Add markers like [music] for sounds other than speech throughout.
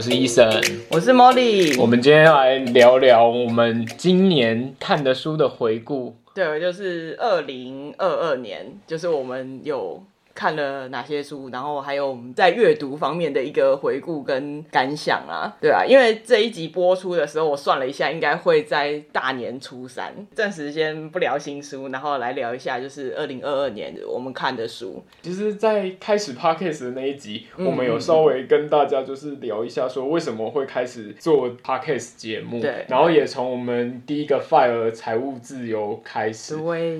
我是醫生，我是 Molly。我們今天要來聊聊我們今年看的書的回顧。對，就是二零二二年，就是我們有。看了哪些書，然後還有我們在閱讀方面的一個回顧跟感想啊，對啊，因為這一集播出的時候，我算了一下，應該會在大年初三。暫時先不聊新書，然後來聊一下，就是二零二二年我們看的書。其實，在開始 Podcast 的那一集，嗯，我們有稍微跟大家就是聊一下，說為什麼會開始做 Podcast 節目，對。然後也從我們第一個 Fire 財務自由開始。對。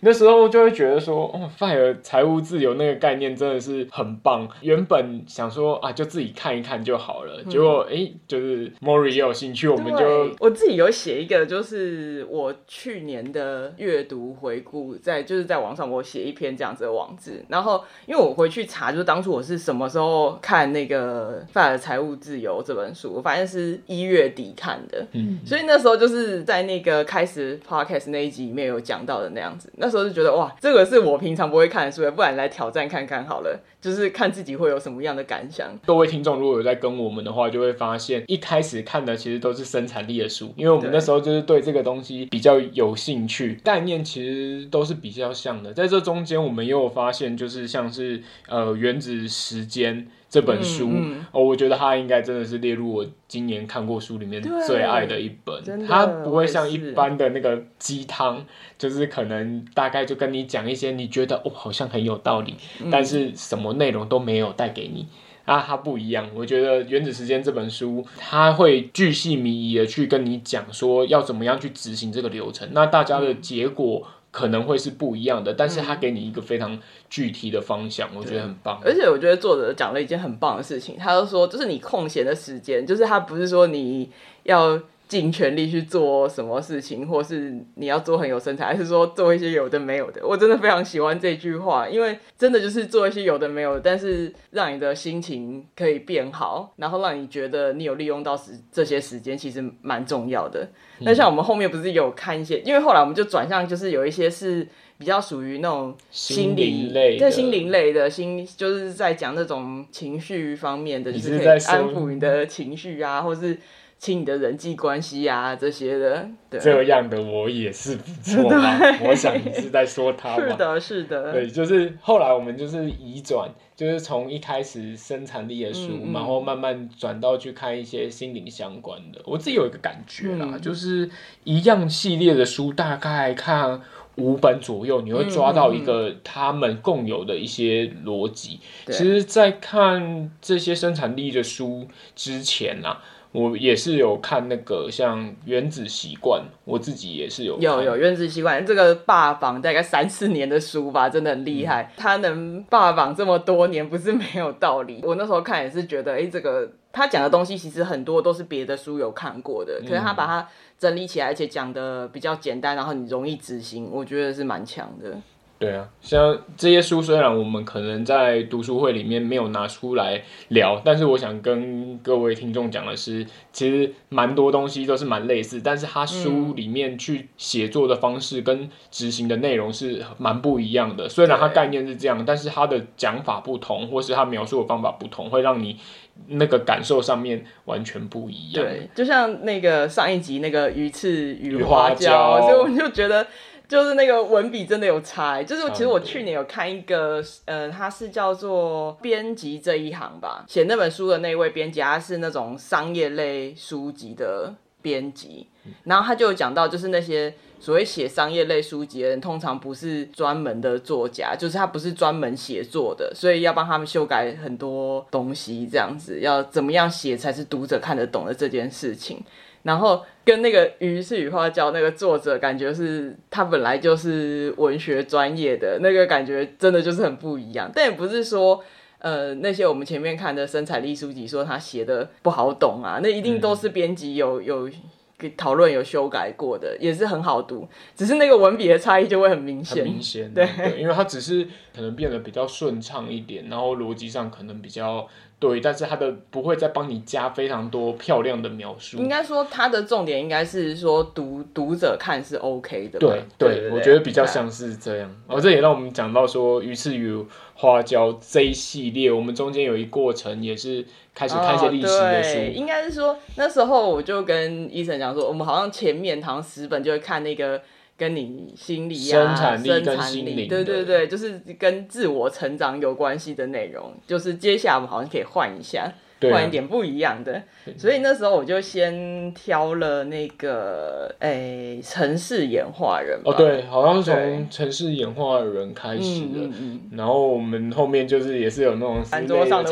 那時候就會覺得說，哦，FIRE 財務自由那個概念真的是很棒。原本想說啊，就自己看一看就好了。嗯、結果哎、欸，就是莫瑞也有興趣，我們就我自己有寫一個，就是我去年的閱讀回顧，在就是在網上我寫一篇這樣子的網誌。然後因為我回去查，就是當初我是什麼時候看那個《FIRE 財務自由》這本書，我發現是一月底看的。嗯，嗯，所以那時候就是在那個開始 Podcast 那一集裡面有講到的那樣子。那那時候就覺得哇，這個是我平常不會看的書的，不然來挑戰看看好了，就是看自己會有什麼樣的感想。各位聽眾如果有在跟我們的話，就會發現一開始看的其實都是生產力的書，因為我們那時候就是對這個東西比較有興趣，概念其實都是比較像的。在這中間，我們也有發現，就是像是呃原子時間。這本書、嗯嗯、哦，我覺得它應該真的是列入我今年看過書裡面最愛的一本。它不會像一般的那個雞湯，就是可能大概就跟你講一些你覺得哦好像很有道理、嗯，但是什麼內容都沒有帶給你啊。它不一樣，我覺得《原子時間》這本書，它會巨細靡遺的去跟你講說要怎麼樣去執行這個流程。那大家的結果。嗯可能會是不一樣的，但是他給你一個非常具體的方向，嗯，我覺得很棒。而且我覺得作者講了一件很棒的事情，他就說，就是你空閒的時間，就是他不是說你要。盡全力去做什麼事情，或是你要做很有身材，還是說做一些有的沒有的？我真的非常喜歡這句話，因為真的就是做一些有的沒有，但是讓你的心情可以變好，然後讓你覺得你有利用到時這些時間，其實蠻重要的。嗯。那像我們後面不是有看一些，因為後來我們就轉向，就是有一些是。比較屬於那種心理，對，心靈類的心，就是在講那種情緒方面的，就是在安撫你的情緒啊，或是親你的人際關係啊這些的對，這樣的我也是不錯嘛，我想你是在說他嗎？ [laughs] 是的，是的。對，就是後來我們就是移轉，就是從一開始生產力的書，嗯嗯，然後慢慢轉到去看一些心靈相關的。我自己有一個感覺啦，嗯、就是一樣系列的書，大概看。五本左右，你會抓到一個他們共有的一些邏輯、嗯。其實，在看這些生產力的書之前呢、啊，我也是有看那個像《原子習慣》，我自己也是有。有有《原子習慣》這個霸榜大概三四年的書吧，真的很厲害。它、嗯、能霸榜這麼多年，不是沒有道理。我那時候看也是覺得，哎、欸，這個。他講的東西其實很多都是別的書有看過的，可是他把它整理起來，而且講的比較簡單，然後你容易執行，我覺得是蠻強的。對啊，像這些書雖然我們可能在讀書會裡面沒有拿出來聊，但是我想跟各位聽眾講的是，其實蠻多東西都是蠻類似，但是他書裡面去寫作的方式跟執行的內容是蠻不一樣的，嗯，雖然他概念是這樣，但是他的講法不同，或是他描述的方法不同，會讓你。那個感受上面完全不一樣，對，就像那個上一集那個魚翅與花椒，魚花椒。所以我就覺得就是那個文筆真的有差。就是其實我去年有看一個，呃，它是叫做《編輯這一行》吧，寫那本書的那位編輯，他是那種商業類書籍的。編輯，然後他就有講到，就是那些所謂寫商業類書籍的人，通常不是專門的作家，就是他不是專門寫作的，所以要幫他們修改很多東西，這樣子要怎麼樣寫才是讀者看得懂的這件事情。然後跟那個《於是雨花教那個作者，感覺是他本來就是文學專業的那個感覺，真的就是很不一樣。但也不是說。呃，那些我們前面看的生產力書籍，說他寫的不好懂啊，那一定都是編輯有有給討論、有修改過的，嗯，也是很好讀，只是那個文筆的差異就會很明顯。很明顯，啊，對，因為他只是可能變得比較順暢一點，然後邏輯上可能比較。對，但是他的不會再幫你加非常多漂亮的描述。應該說他的重點應該是說讀讀者看是 OK 的。對對,對,對對，我覺得比較像是這樣。而、哦、這也讓我們講到說魚翅與花椒這一系列，我們中間有一過程也是開始看一些歷史的書。哦、應該是說那時候我就跟醫生講說，我們好像前面好像十本就會看那個。跟你心理啊生產力跟心靈、生產力、對對對，就是跟自我成長有關係的內容。就是接下來我們好像可以換一下。換一、啊、點不一樣的，所以那時候我就先挑了那個哎、城、欸、市演化人吧，哦，對，好像是從城市演化人開始的，嗯，然後我們後面就是也是有那種餐桌上的、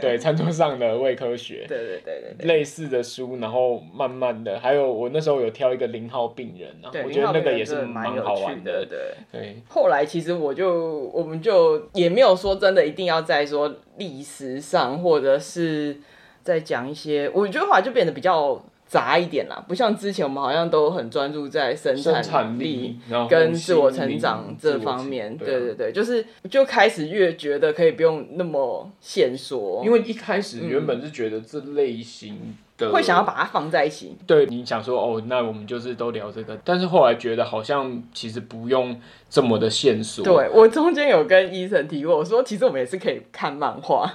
對，餐桌上的偽科學，對，對對對對，類似的書，然後慢慢的，還有我那時候有挑一個零號病人啊，我覺得那個也是蠻有趣的。對，對，後來其實我就我們就也沒有說真的一定要再說歷史上或者。是在講一些，我覺得話就變得比較雜一點啦，不像之前我們好像都很專注在生產力跟自我成長這方面。對，啊、對對對，就是就開始越覺得可以不用那麼線索，啊、因為一開始、嗯、原本是覺得這類型的會想要把它放在一起，對你想說哦，那我們就是都聊這個，但是後來覺得好像其實不用這麼的線索。對我中間有跟 Eason 提過，我說其實我們也是可以看漫畫。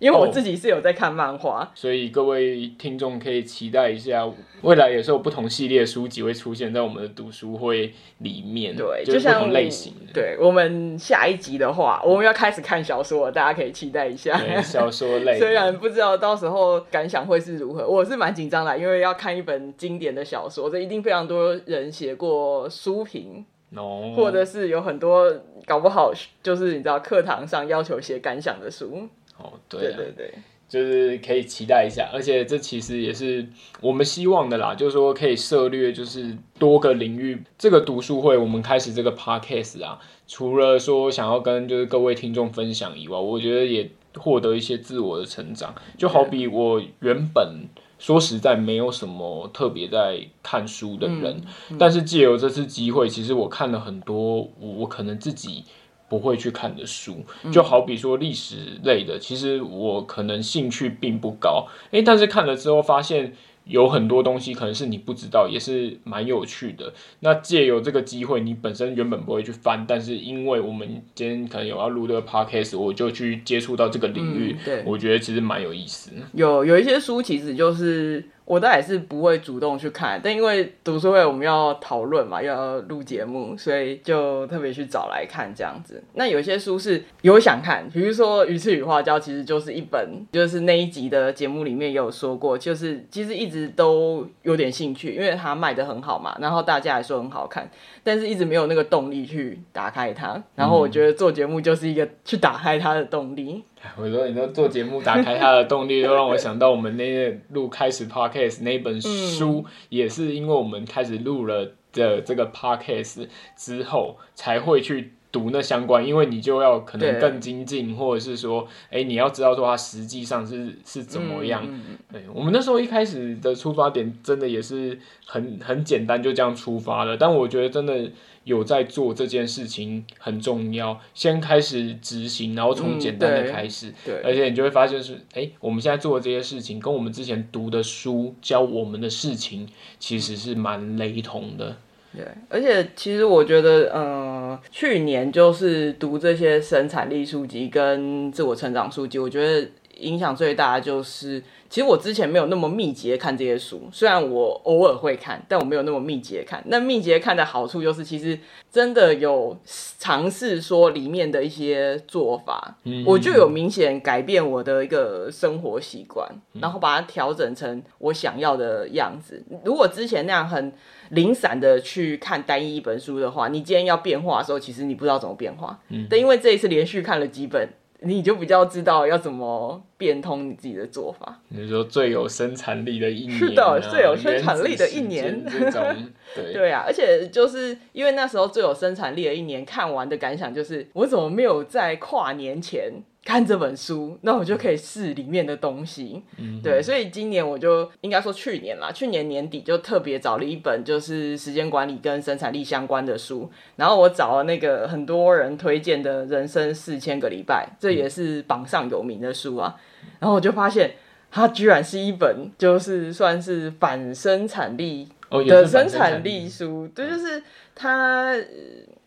因為我自己是有在看漫畫，oh, 所以各位聽眾可以期待一下，未來有時候不同系列的書籍會出現在我們的讀書會裡面。對，就像類型像，對我們下一集的話，我們要開始看小說了，大家可以期待一下對，小說類。雖然不知道到時候感想會是如何，我是蠻緊張的，因為要看一本經典的小說，這一定非常多人寫過書評，oh. 或者是有很多搞不好就是你知道課堂上要求寫感想的書。哦、oh, 啊，對對對，就是可以期待一下，而且這其實也是我們希望的啦，就是說可以涉獵就是多個領域。這個讀書會，我們開始這個 podcast 啊，除了說想要跟就是各位聽眾分享以外，我覺得也獲得一些自我的成長。嗯、就好比我原本說實在沒有什麼特別在看書的人，嗯嗯、但是借由這次機會，其實我看了很多，我，我可能自己。不會去看的書，就好比說歷史類的、嗯，其實我可能興趣並不高，誒，但是看了之後發現有很多東西可能是你不知道，也是蠻有趣的。那借由這個機會，你本身原本不會去翻，但是因為我們今天可能有要錄這個 podcast，我就去接觸到這個領域，嗯、對，我覺得其實蠻有意思。有有一些書，其實就是。我倒也是不會主動去看，但因為讀書會我們要討論嘛，又要錄節目，所以就特別去找來看這樣子。那有些書是有想看，比如說《魚翅與花椒》，其實就是一本，就是那一集的節目裡面也有說過，就是其實一直都有點興趣，因為它賣的很好嘛，然後大家也說很好看，但是一直沒有那個動力去打開它。然後我覺得做節目就是一個去打開它的動力。嗯、 [laughs] 我說你說做節目打開它的動力，又讓我想到我們那錄開始 Podcast。 [laughs] case 那本書也是因為我們開始錄了的這個 podcast 之後，才會去讀那相關，因為你就要可能更精進，或者是說，誒、欸，你要知道說它實際上是是怎麼樣、嗯。對，我們那時候一開始的出發點真的也是很很簡單就這樣出發了，但我覺得真的。有在做這件事情很重要，先開始執行，然後從簡單的開始。嗯，對，對，而且你就會發現是，誒，我們現在做的這些事情，跟我們之前讀的書教我們的事情，其實是蠻雷同的。對，而且其實我覺得，嗯，呃，去年就是讀這些生產力書籍跟自我成長書籍，我覺得影響最大的就是。其實我之前沒有那麼密集的看這些書，雖然我偶爾會看，但我沒有那麼密集的看。那密集的看的好處就是，其實真的有嘗試說裡面的一些做法，嗯，我就有明顯改變我的一個生活習慣，嗯，然後把它調整成我想要的樣子。如果之前那樣很零散的去看單一一本書的話，你今天要變化的時候，其實你不知道怎麼變化。嗯，但因為這一次連續看了幾本。你就比較知道要怎麼變通你自己的做法。你、就是、說最有生產力的一年、啊， [noise] 是的，最有生產力的一年 [laughs] 對。對啊，而且就是因為那時候最有生產力的一年，看完的感想就是，我怎麼沒有在跨年前？看這本書，那我就可以試裡面的東西。嗯。對，所以今年我就應該說去年啦，去年年底就特別找了一本就是時間管理跟生產力相關的書，然後我找了那個很多人推薦的《人生四千個禮拜》，嗯，這也是榜上有名的書啊。然後我就發現，它居然是一本就是算是反生產力。Oh, 的生產力書、哦產力，對，就是他，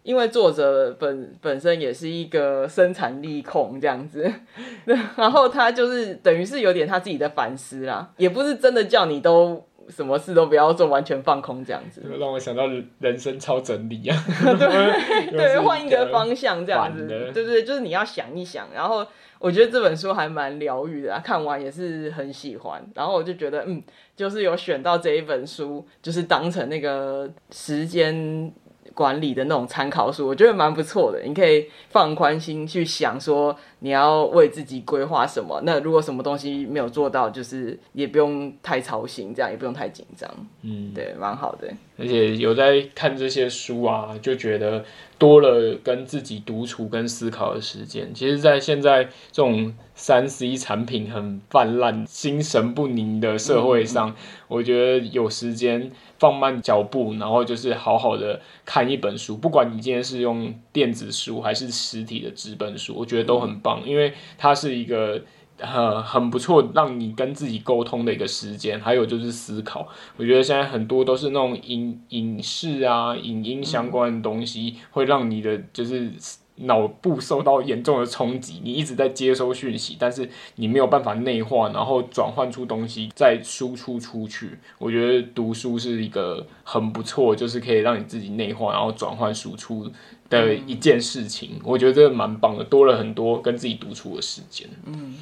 因為作者本本身也是一個生產力控這樣子， [laughs] 然後他就是等於是有點他自己的反思啦，也不是真的叫你都。什麼事都不要做，完全放空這樣子，讓我想到人，人生超整理啊！對 [laughs] 對，換 [laughs] 一個方向這樣子，呃、對，對對，就是你要想一想。然後我覺得這本書還蠻療癒的，看完也是很喜歡。然後我就覺得，嗯，就是有選到這一本書，就是當成那個時間管理的那種參考書，我覺得蠻不錯的。你可以放寬心去想說。你要為自己規劃什麼？那如果什麼東西沒有做到，就是也不用太操心，這樣也不用太緊張。嗯，對，蠻好的。而且有在看這些書啊，就覺得多了跟自己獨處跟思考的時間。其實，在現在這種三 C 產品很泛濫、心神不寧的社會上，嗯，我覺得有時間放慢腳步，然後就是好好的看一本書。不管你今天是用電子書還是實體的紙本書，我覺得都很。嗯因為它是一個很很不錯讓你跟自己溝通的一個時間，還有就是思考。我覺得現在很多都是那種影影視啊、影音相關的東西，會讓你的就是腦部受到嚴重的衝擊。你一直在接收訊息，但是你沒有辦法內化，然後轉換出東西再輸出出去。我覺得讀書是一個很不錯，就是可以讓你自己內化，然後轉換輸出。的一件事情，我覺得這個蠻棒的，多了很多跟自己獨處的時間。嗯，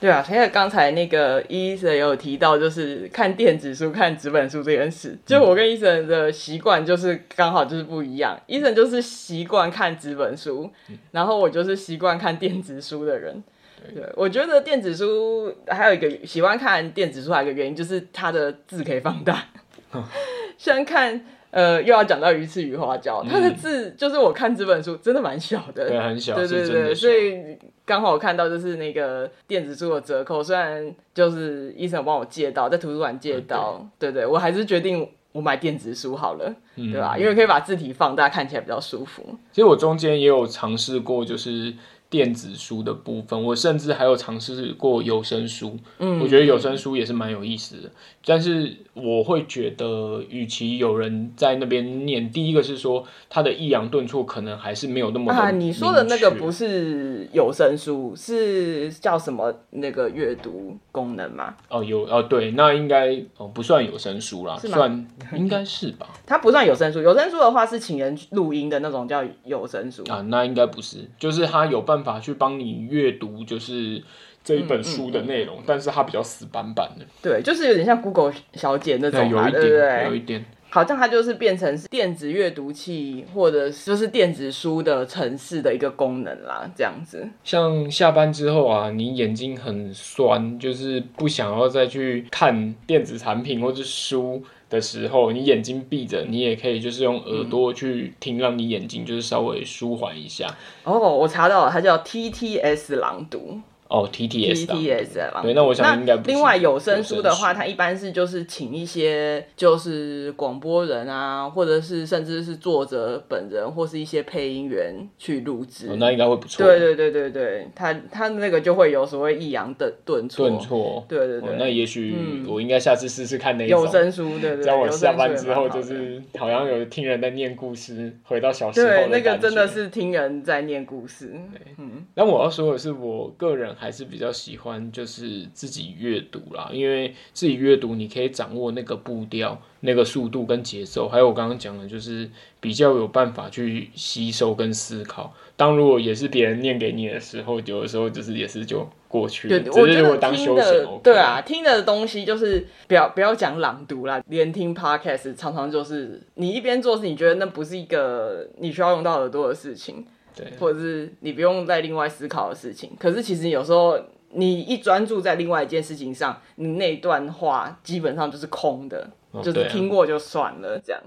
對啊，因為剛才那個醫生也有提到，就是看電子書、看紙本書這件事，就我跟醫生的習慣就是剛好就是不一樣。醫、嗯、生就是習慣看紙本書、嗯，然後我就是習慣看電子書的人。對，對，我覺得電子書還有一個喜歡看電子書還有一個原因，就是它的字可以放大。嗯、 [laughs] 雖然看。呃，又要講到魚翅與花椒，它的字、嗯、就是我看這本書真的蠻小的，對，很小，對對對，所以剛好我看到就是那個電子書的折扣，雖然就是醫生有幫我借到，在圖書館借到，嗯、對不對？對，對，我還是決定我買電子書好了、嗯，對吧？因為可以把字體放大，看起來比較舒服。其實我中間也有嘗試過，就是電子書的部分，我甚至還有嘗試過有聲書，嗯，我覺得有聲書也是蠻有意思的。但是我會覺得，與其有人在那邊念，第一個是說他的抑揚頓挫可能還是沒有那麼的。啊，你說的那個不是有聲書，是叫什麼那個閱讀功能嗎？哦，有哦，對，那應該哦不算有聲書啦。算應該是吧？它不算有聲書，有聲書的話是請人錄音的那種叫有聲書啊，那應該不是，就是他有辦法去幫你閱讀，就是。這一本書的內容，嗯嗯，但是它比較死板板的，對，就是有點像 Google 小姐那種啦，對不對？有一點，好像它就是變成是電子閱讀器或者就是電子書的程式的一個功能啦，這樣子。像下班之後啊，你眼睛很酸，就是不想要再去看電子產品或者書的時候，你眼睛閉着，你也可以就是用耳朵去聽，讓你眼睛就是稍微舒緩一下。哦、嗯，oh, 我查到了，它叫 TTS 朗讀。哦，TTS 的對，對，那我想應該不。那另外有聲書的話書，它一般是就是請一些就是廣播人啊，或者是甚至是作者本人或是一些配音員去錄製。哦，那應該會不錯。對對對對對，他他那個就會有所謂抑揚頓挫。頓挫。對對對，哦，那也許我應該下次試試看那個有聲書，對對。對。在 [laughs] 我下班之後就是好像有聽人在念故事，回到小時候。對，那個真的是聽人在念故事。嗯，那我要說的是，我個人。還是比較喜歡就是自己閱讀啦，因為自己閱讀你可以掌握那個步調、那個速度跟節奏，還有我剛剛講的，就是比較有辦法去吸收跟思考。當如果也是別人念給你的時候，有的時候就是也是就過去了。對我覺得我聽的、OK、對啊，聽的東西就是不要不要講朗讀啦，連聽 podcast 常常就是你一邊做事，你覺得那不是一個你需要用到耳朵的事情。或者是你不用再另外思考的事情，可是其實有時候你一專注在另外一件事情上，你那段話基本上就是空的，哦，就是聽過就算了，啊，這樣。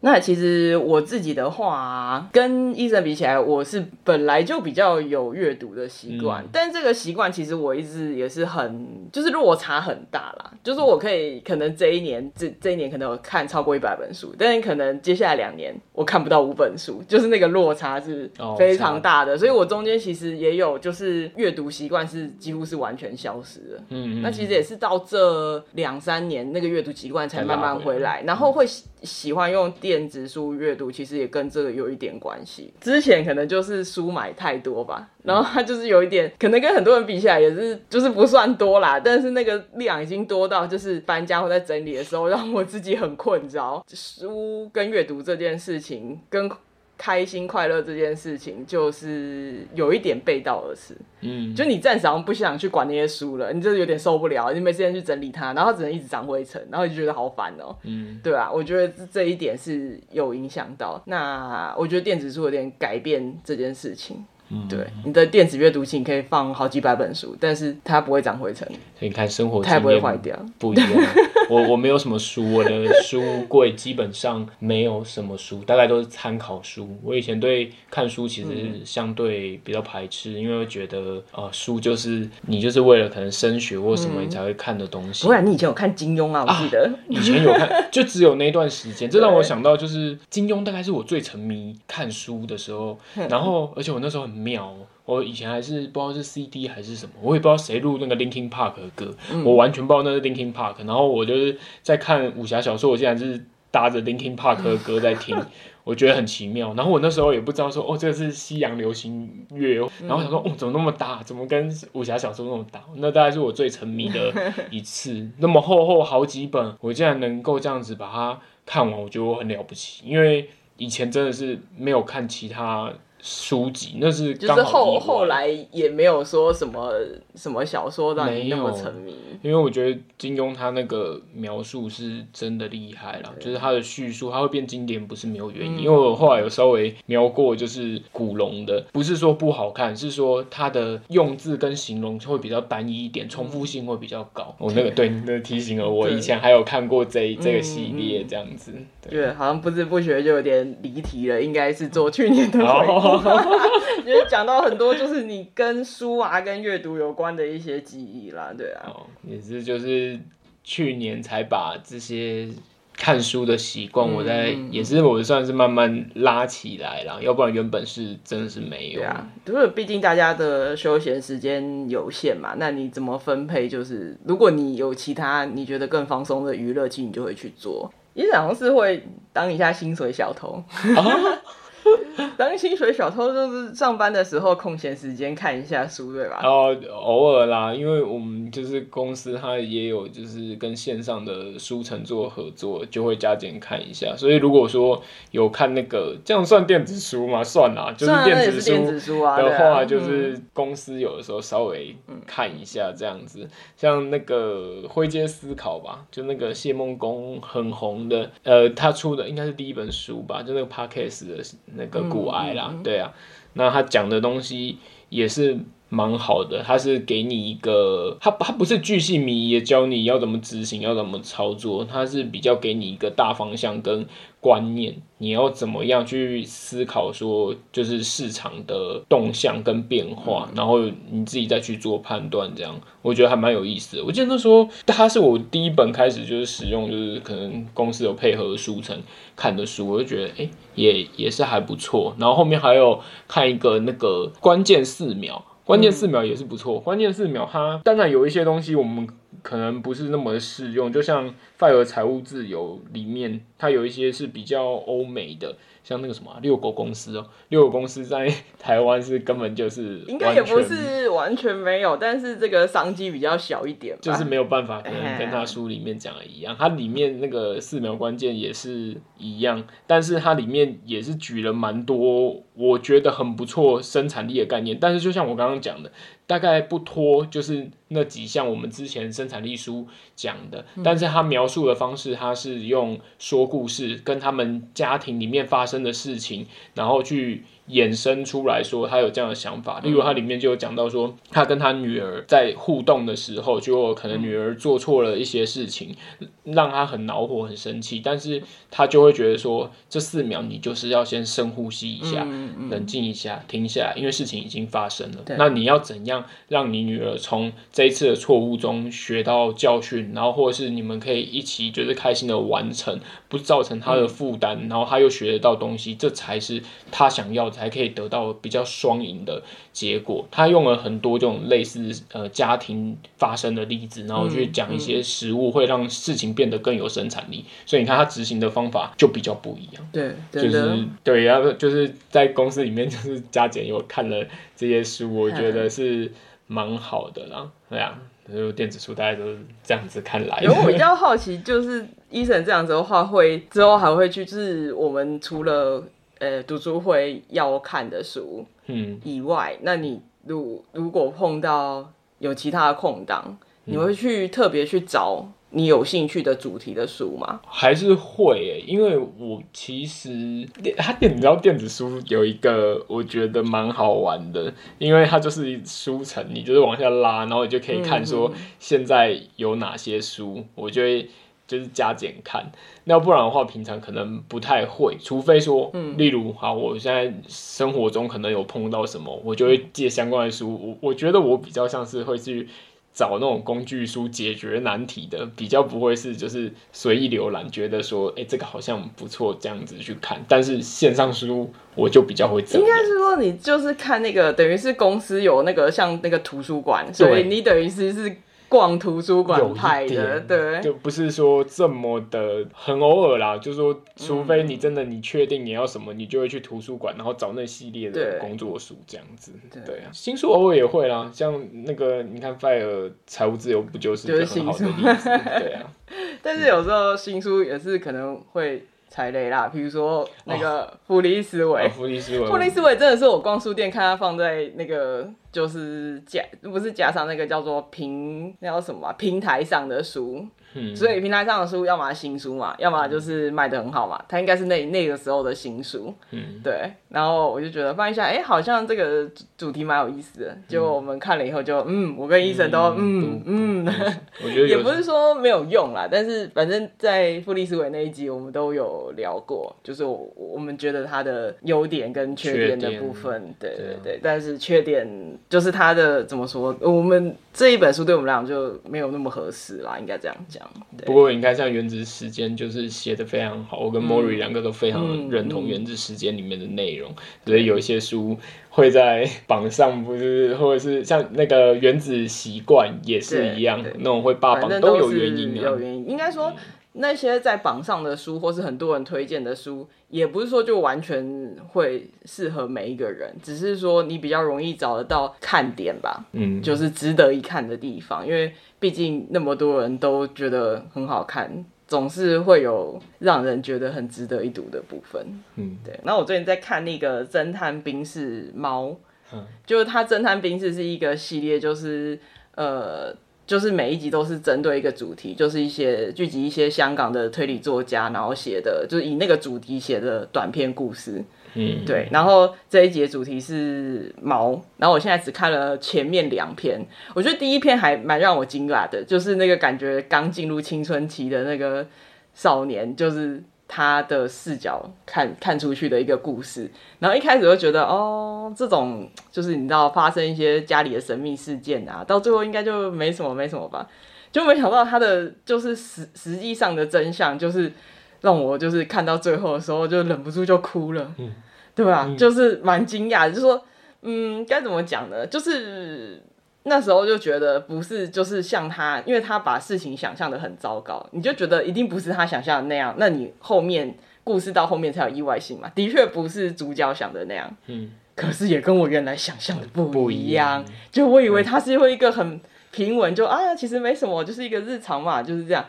那其實我自己的話，跟醫生比起來，我是本來就比較有閱讀的習慣、嗯，但這個習慣其實我一直也是很，就是落差很大啦。就是我可以可能這一年這這一年可能有看超過一百本書，但是可能接下來兩年我看不到五本書，就是那個落差是非常大的。哦、所以我中間其實也有就是閱讀習慣是幾乎是完全消失的。嗯嗯。那其實也是到這兩三年那個閱讀習慣才慢慢回來、嗯，然後會喜歡用電。電子書閱讀其實也跟這個有一點關係。之前可能就是書買太多吧，然後它就是有一點，可能跟很多人比起來也是，就是不算多啦，但是那個量已經多到就是搬家或在整理的時候讓我自己很困擾。書跟閱讀這件事情跟。開心快樂這件事情，就是有一點背道而馳。嗯，就你暫時好像不想去管那些書了，你就是有點受不了，你沒時間去整理它，然後它只能一直長灰塵，然後你就覺得好煩哦、喔。嗯，對啊，我覺得這一點是有影響到。那我覺得電子書有點改變這件事情。嗯，對，你的電子閱讀器你可以放好幾百本書，但是它不會長灰塵，所以你看生活它不會壞掉，不一樣。 [laughs] [laughs] 我我沒有什麼書，我的書櫃基本上沒有什麼書，大概都是參考書。我以前對看書其實相對比較排斥，嗯、因為我覺得呃，書就是你就是為了可能升學或什麼你才會看的東西。哇、嗯，不然你以前有看金庸啊？我記得以前有看，就只有那一段時間。這讓我想到，就是金庸大概是我最沉迷看書的時候，然後而且我那時候很妙。我以前還是不知道是 CD 還是什麼，我也不知道誰錄那個 Linkin Park 的歌，我完全不知道那是 Linkin Park。然後我就是在看武俠小說，我竟然就是搭着 Linkin Park 的歌在聽，我覺得很奇妙。然後我那時候也不知道說，哦，這個是西洋流行樂。然後我想說，哦，怎麼那麼搭，怎麼跟武俠小說那麼搭？那大概是我最沉迷的一次。那麼厚厚好幾本，我竟然能夠這樣子把它看完，我覺得我很了不起。因為以前真的是沒有看其他。書籍，那是剛好，就是後後來也沒有說什麼什麼小說讓你那麼沉迷。因為我覺得金庸他那個描述是真的厲害了，就是他的敘述，他會變經典不是沒有原因，嗯、因為我後來有稍微瞄過，就是古龍的，不是說不好看，是說他的用字跟形容會比較單一一點，重複性會比較高。我、嗯哦、那個對，那個、提醒了我以前還有看過這這個系列這樣子嗯嗯，對，對，好像不知不覺就有點離題了，應該是做去年的。好好好 [laughs] 也講到很多，就是你跟書啊、 [laughs] 跟閱讀有關的一些記憶啦，對啊、哦，也是就是去年才把這些看書的習慣，我在、嗯、也是我算是慢慢拉起來了，嗯、要不然原本是真的是沒有，對啊、就是畢竟大家的休閒時間有限嘛，那你怎麼分配？就是如果你有其他你覺得更放鬆的娛樂，你就會去做，也好像是會當一下薪水小偷。 [laughs] [laughs] [laughs] 當薪水小偷就是上班的時候空閒時間看一下書，對吧？哦、呃，偶爾啦，因為我們就是公司，它也有就是跟線上的書城做合作，就會加減看一下。所以如果說有看那個，這樣算電子書嗎？算啊，就是電子書。啊，的話、啊啊啊嗯、就是公司有的時候稍微看一下這樣子，嗯、像那個灰階思考吧，就那個謝孟恭很紅的，呃，他出的應該是第一本書吧，就那個 Podcast 的。那個骨癌啦，嗯，對啊，那他講的東西也是。蠻好的，它是給你一個，它它不是巨細靡遺教你要怎麼執行，要怎麼操作，它是比較給你一個大方向跟觀念，你要怎麼樣去思考說就是市場的動向跟變化，然後你自己再去做判斷，這樣我覺得還蠻有意思的。我記得那時候它是我第一本開始就是使用，就是可能公司有配合的書城看的書，我就覺得誒、欸，也也是還不錯。然後後面還有看一個那個關鍵四秒。關鍵四秒也是不錯，關鍵四秒，它當然有一些東西我們可能不是那麼適用，就像《fire 財務自由》裡面，它有一些是比較歐美的，像那個什麼、啊、遛狗公司哦、喔，遛狗公司在台灣是根本就是完全應該也不是。完全沒有，但是這個商機比較小一點，就是沒有辦法跟、嗯、跟他書裡面講的一樣，它、嗯、裡面那個四秒關鍵也是一樣，但是它裡面也是舉了蠻多我覺得很不錯生產力的概念，但是就像我剛剛講的，大概不脫就是那幾項我們之前生產力書講的，嗯、但是他描述的方式，它是用說故事跟他們家庭裡面發生的事情，然後去。衍生出來說，說他有這樣的想法。例如，他裡面就有講到說，他跟他女兒在互動的時候，就可能女兒做錯了一些事情，嗯、讓他很惱火、很生氣，但是他就會覺得說，這四秒你就是要先深呼吸一下，嗯嗯嗯、冷靜一下，停下來，因為事情已經發生了。那你要怎樣讓你女兒從這一次的錯誤中學到教訓，然後或者是你們可以一起就是開心的完成，不造成她的負擔、嗯，然後她又學得到東西，這才是她想要的。才可以得到比較雙贏的結果。他用了很多這種類似呃家庭發生的例子，然後去講一些食物會讓事情變得更有生產力。嗯嗯、所以你看他執行的方法就比較不一樣。對，就是對，啊、嗯，就是在公司裡面就是加減。我看了這些書，我覺得是蠻好的啦、嗯。對啊，就是、電子書大家都是這樣子看來的、嗯 [laughs] 有。我比較好奇，就是醫生這樣子的話，會之後還會去？就是我們除了呃，讀書會要看的書，嗯，以外，那你如果如果碰到有其他的空檔、嗯，你會去特別去找你有興趣的主題的書嗎？還是會誒？因為我其實，它電你知道電子書有一個我覺得蠻好玩的，因為它就是一書城，你就是往下拉，然後你就可以看說現在有哪些書，嗯、我覺得。就是加減看，那不然的話，平常可能不太會，除非說，嗯，例如，好，我現在生活中可能有碰到什麼，我就會借相關的書。嗯、我我覺得我比較像是會去找那種工具書解決難題的，比較不會是就是隨意瀏覽，覺得說，誒、欸、這個好像不錯，這樣子去看。但是線上書我就比較會。應該是說你就是看那個，等於是公司有那個像那個圖書館，所以你等於是是。逛圖書館派的，對，就不是說這麼的很偶爾啦，就是說除非你真的你確定你要什麼、嗯，你就會去圖書館，然後找那系列的工作書這樣子，對。對啊，新書偶爾也會啦，嗯、像那個你看《Fire 財務自由》不就是個很好的意思，就是，新書？ [laughs] 對啊，但是有時候新書也是可能會。太累了啦，比如說那個《複、哦、利、哦、思維》，《複利思維》，《複利思維真的是我逛書店看它放在那個就是架，不是架上那個叫做平，那叫什麼、啊、平台上的書。嗯、所以平台上的書，要麼新書嘛，要麼就是賣得很好嘛。它應該是那那個時候的新書，嗯，對。然後我就覺得翻一下，哎、欸，好像這個主題蠻有意思的。就我們看了以後就，就嗯，我跟 Eason 都嗯嗯，嗯嗯嗯 [laughs] 也不是說沒有用啦，但是反正在複利思維那一集我們都有聊過，就是我我們覺得它的優點跟缺點的部分對對對，嗯，對對對。但是缺點就是它的怎麼說，我們這一本書對我們來講就沒有那麼合適啦，應該這樣。不過，你看像《原子時間》就是寫的非常好，我跟莫瑞兩個都非常認同《原子時間》裡面的內容，嗯嗯嗯，所以有一些書，會在榜上，不是，或者是像那個原子習慣也是一樣，那種會霸榜都有原因的啊。應該說，那些在榜上的書，或是很多人推薦的書，也不是說就完全會適合每一個人，只是說你比較容易找得到看點吧。嗯，就是值得一看的地方，因為畢竟那麼多人都覺得很好看。總是會有讓人覺得很值得一讀的部分，嗯，對。那我最近在看那個偵《偵探冰室貓》，就是它《偵探冰室》是一個系列，就是呃，就是每一集都是針對一個主題，就是一些聚集一些香港的推理作家，然後寫的，就是以那個主題寫的短篇故事。嗯，對。然後這一節主題是毛。然後我現在只看了前面兩篇，我覺得第一篇還蠻讓我驚訝的，就是那個感覺剛進入青春期的那個少年，就是他的視角看看出去的一個故事。然後一開始就覺得哦，這種就是你知道發生一些家裡的神秘事件啊，到最後應該就沒什麼沒什麼吧？就沒想到他的就是實實際上的真相就是。讓我就是看到最後的時候就忍不住就哭了，嗯、對吧？嗯、就是蠻驚訝，就說，嗯，該怎麼講呢？就是那時候就覺得不是，就是像他，因為他把事情想象的很糟糕，你就覺得一定不是他想象的那樣。那你後面故事到後面才有意外性嘛？的確不是主角想的那樣，嗯、可是也跟我原來想象的不不一樣、嗯。就我以為他是會一個很平穩，就、嗯、啊，其實沒什麼，就是一個日常嘛，就是這樣。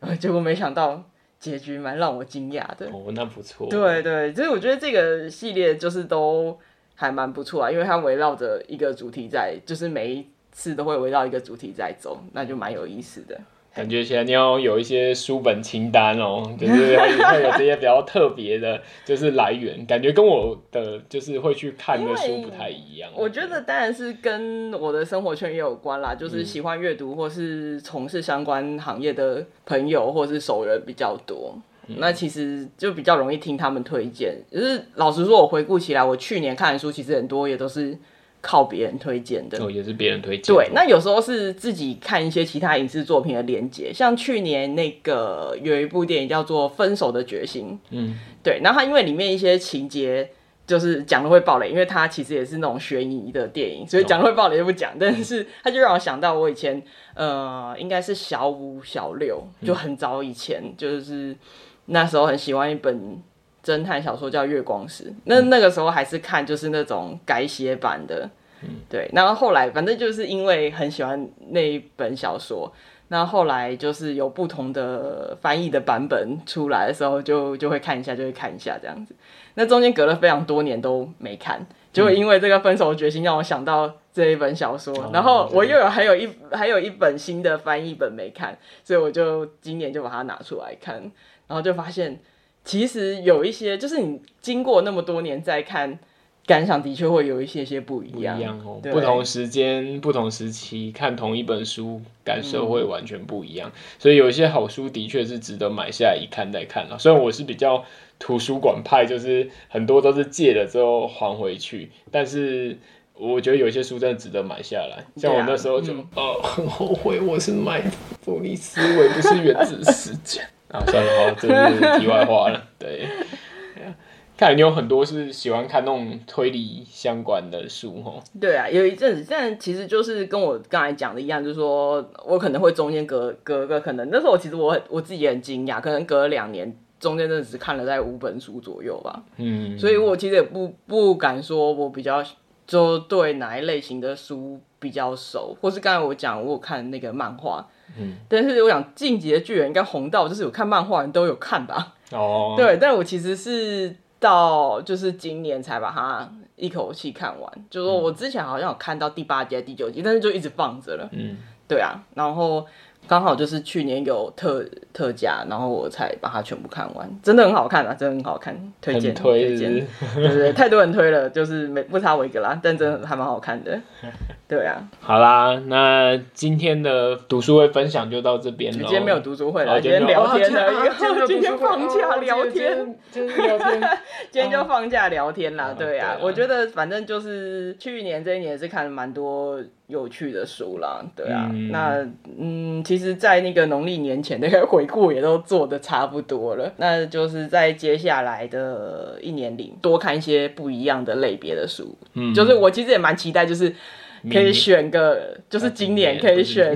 嗯、結果沒想到。結局蠻讓我驚訝的哦，那不錯。對對，所以我覺得這個系列就是都還蠻不錯啊，因為它圍繞着一個主題在，就是每一次都會圍繞一個主題在走，那就蠻有意思的。感覺起來你要有一些書本清單哦、喔，就是會有這些比較特別的，就是來源。 [laughs] 感覺跟我的就是會去看的書不太一樣。我覺得當然是跟我的生活圈也有關啦，就是喜歡閱讀或是從事相關行業的朋友或是熟人比較多，嗯、那其實就比較容易聽他們推薦。就是老實說，我回顧起來，我去年看的書其實很多也都是。靠別人推薦的，哦，也是別人推薦。對，那有時候是自己看一些其他影視作品的連結，像去年那個有一部電影叫做《分手的決心》，嗯，對。然後它因為裡面一些情節就是講的會爆雷，因為它其實也是那種懸疑的電影，所以講的會爆雷就不講，嗯。但是它就讓我想到我以前呃，應該是小五小六就很早以前，嗯，就是那時候很喜歡一本。偵探小說叫《月光石》，那那個時候還是看就是那種改寫版的，嗯，對。然後後來反正就是因為很喜歡那一本小說，那後，後來就是有不同的翻譯的版本出來的時候就，就就會看一下，就會看一下這樣子。那中間隔了非常多年都沒看，嗯，就因為這個分手的決心讓我想到這一本小說，哦，然後我又有還有一，嗯，還有一本新的翻譯本沒看，所以我就今年就把它拿出來看，然後就發現。其實有一些，就是你經過那麼多年再看，感想的確會有一些些不一樣。不一樣、哦、不同時間、不同時期看同一本書，感受會完全不一樣。嗯、所以有一些好書的確是值得買下來一看再看。雖然我是比較圖書館派，就是很多都是借了之後還回去，但是我覺得有一些書真的值得買下來。像我那時候就呃、yeah, 嗯嗯哦、很後悔，我是買《福利思維》不是《原子時間。》 [laughs] [laughs] 啊，算了，這是題外話了。 [laughs] 對，看來你有很多是喜歡看那種推理相關的書哦。對啊，有一陣子，但其實就是跟我剛才講的一樣，就是說我可能會中間隔隔個可能那時候我其實我很我自己也很驚訝，可能隔了兩年，中間真的只看了在五本書左右吧。嗯，所以我其實也不不敢說我比較就對哪一類型的書比較熟，或是剛才我講我看那個漫畫。嗯，但是我想《進擊的巨人》應該紅到就是有看漫畫人都有看吧。哦，對，但我其實是到就是今年才把它一口氣看完，就說我之前好像有看到第八集、第九集，但是就一直放着了。嗯，對啊，然後。剛好就是去年有特特價，然後我才把它全部看完，真的很好看啊，真的很好看，推薦推薦，對 [laughs] 太多人推了，就是沒不差我一個啦，但真的還蠻好看的。對啊，好啦，那今天的讀書會分享就到這邊了。今天沒有讀書會了，哦，今天聊天了，啊，今天放假聊天，啊，今天今天，今天 [laughs] 今天就放假聊天啦，啊對啊哦。對啊，我覺得反正就是去年這一年是看了蠻多有趣的書啦，對啊，嗯那嗯，其實，在那個農曆年前的回顧也都做得差不多了，那就是在接下來的一年裡，多看一些不一樣的類別的書。嗯，就是我其實也蠻期待，就是可以選個就是今年可以選，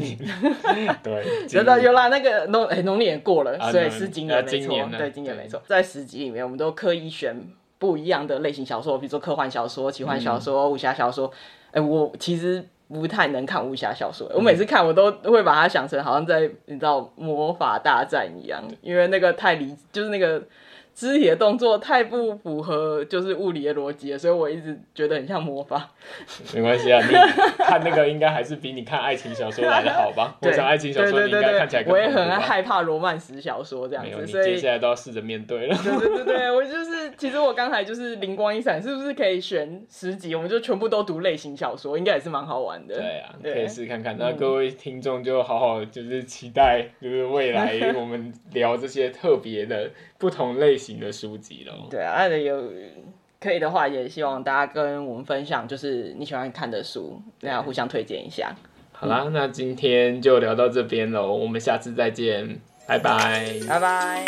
啊、 [laughs] 對，真的有啦。那個農農曆也過了，所以是今年沒錯、啊，對，今年沒錯，在十集裡面，我們都刻意選不一樣的類型小說，比如說科幻小說、奇幻小說、武、嗯、俠小說。哎、欸，我其實，不太能看武俠小說，我每次看我都會把它想成好像在你知道魔法大戰一樣，因為那個太離，就是那個。肢體的動作太不符合，就是物理的邏輯，所以我一直覺得很像魔法。沒關係啊，你看那個應該還是比你看愛情小說來得好吧？ [laughs] [laughs] 我想愛情小說，你應該看起來對對對對。我也很愛害怕羅曼史小說這樣子，所以你接下來都要試着面對了。對，對對對，我就是，其實我剛才就是靈光一閃，是不是可以選十集，我們就全部都讀類型小說，應該也是蠻好玩的。對啊，對可以試試看看。那各位聽眾就好好就是期待，就是未來我們聊這些特別的不同類型的書籍嘍。對啊，那有可以的話，也希望大家跟我們分享，就是你喜歡看的書，大家互相推薦一下。好啦，嗯，那今天就聊到這邊嘍，我們下次再見，拜拜，拜拜。